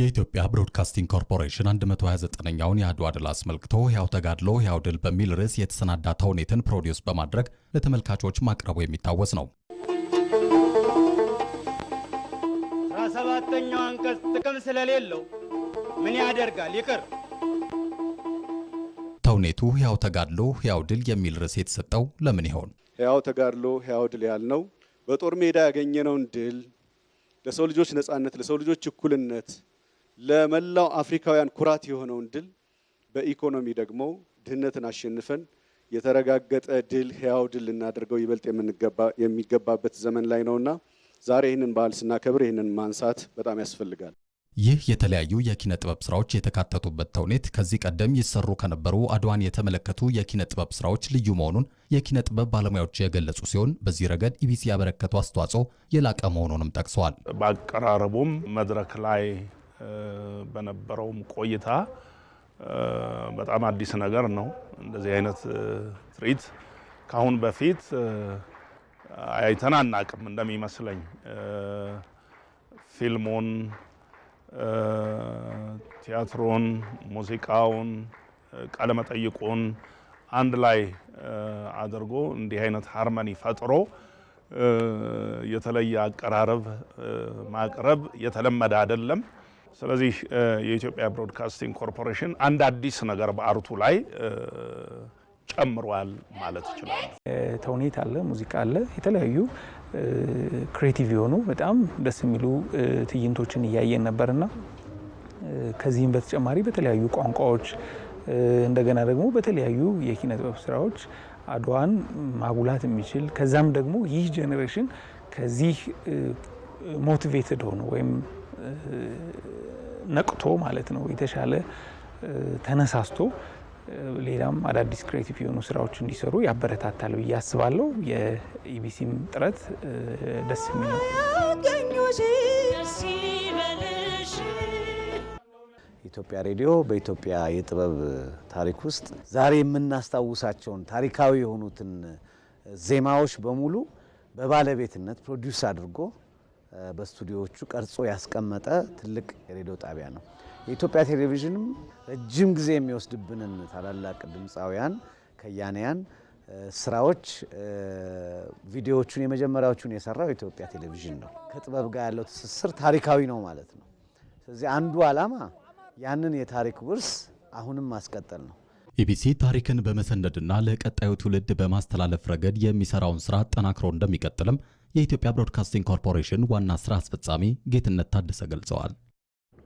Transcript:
የኢትዮጵያ ብሮድካስቲንግ ኮርፖሬሽን 129ኛውን የአድዋ ድል አስመልክቶ ሕያው ተጋድሎ ሕያው ድል በሚል ርዕስ የተሰናዳ ተውኔትን ፕሮዲውስ በማድረግ ለተመልካቾች ማቅረቡ የሚታወስ ነው። አስራ ሰባተኛው አንቀጽ ጥቅም ስለሌለው ምን ያደርጋል ይቅር። ተውኔቱ ሕያው ተጋድሎ ሕያው ድል የሚል ርዕስ የተሰጠው ለምን ይሆን? ሕያው ተጋድሎ ሕያው ድል ያልነው በጦር ሜዳ ያገኘነውን ድል ለሰው ልጆች ነጻነት፣ ለሰው ልጆች እኩልነት ለመላው አፍሪካውያን ኩራት የሆነውን ድል በኢኮኖሚ ደግሞ ድህነትን አሸንፈን የተረጋገጠ ድል ህያው ድል ልናደርገው ይበልጥ የሚገባበት ዘመን ላይ ነውና ዛሬ ይህንን በዓል ስናከብር ይህንን ማንሳት በጣም ያስፈልጋል። ይህ የተለያዩ የኪነ ጥበብ ስራዎች የተካተቱበት ተውኔት ከዚህ ቀደም ይሰሩ ከነበሩ አድዋን የተመለከቱ የኪነ ጥበብ ስራዎች ልዩ መሆኑን የኪነ ጥበብ ባለሙያዎች የገለጹ ሲሆን በዚህ ረገድ ኢቢሲ ያበረከቱ አስተዋጽኦ የላቀ መሆኑንም ጠቅሰዋል። በአቀራረቡም መድረክ ላይ በነበረውም ቆይታ በጣም አዲስ ነገር ነው። እንደዚህ አይነት ትርኢት ካሁን በፊት አይተን አናቅም እንደሚመስለኝ ፊልሙን፣ ቲያትሮን ሙዚቃውን፣ ቃለመጠይቁን አንድ ላይ አድርጎ እንዲህ አይነት ሃርመኒ ፈጥሮ የተለየ አቀራረብ ማቅረብ የተለመደ አይደለም። ስለዚህ የኢትዮጵያ ብሮድካስቲንግ ኮርፖሬሽን አንድ አዲስ ነገር በአርቱ ላይ ጨምሯል ማለት ይችላል። ተውኔት አለ፣ ሙዚቃ አለ፣ የተለያዩ ክሬቲቭ የሆኑ በጣም ደስ የሚሉ ትዕይንቶችን እያየን ነበርና ከዚህም በተጨማሪ በተለያዩ ቋንቋዎች እንደገና ደግሞ በተለያዩ የኪነ ጥበብ ስራዎች አድዋን ማጉላት የሚችል ከዛም ደግሞ ይህ ጄኔሬሽን ከዚህ ሞቲቬትድ ሆኖ ወይም ነቅቶ ማለት ነው የተሻለ ተነሳስቶ ሌላም አዳዲስ ክሬቲቭ የሆኑ ስራዎች እንዲሰሩ ያበረታታል ብዬ አስባለሁ። የኢቢሲም ጥረት ደስ የሚል ኢትዮጵያ ሬዲዮ በኢትዮጵያ የጥበብ ታሪክ ውስጥ ዛሬ የምናስታውሳቸውን ታሪካዊ የሆኑትን ዜማዎች በሙሉ በባለቤትነት ፕሮዲውስ አድርጎ በስቱዲዮዎቹ ቀርጾ ያስቀመጠ ትልቅ የሬዲዮ ጣቢያ ነው። የኢትዮጵያ ቴሌቪዥንም ረጅም ጊዜ የሚወስድብንን ታላላቅ ድምፃውያን ከያንያን ስራዎች ቪዲዮዎቹን የመጀመሪያዎቹን የሰራው የኢትዮጵያ ቴሌቪዥን ነው። ከጥበብ ጋር ያለው ትስስር ታሪካዊ ነው ማለት ነው። ስለዚህ አንዱ ዓላማ ያንን የታሪክ ውርስ አሁንም ማስቀጠል ነው። ኢቢሲ ታሪክን በመሰነድና ለቀጣዩ ትውልድ በማስተላለፍ ረገድ የሚሰራውን ስራ አጠናክሮ እንደሚቀጥልም የኢትዮጵያ ብሮድካስቲንግ ኮርፖሬሽን ዋና ስራ አስፈጻሚ ጌትነት ታደሰ ገልጸዋል።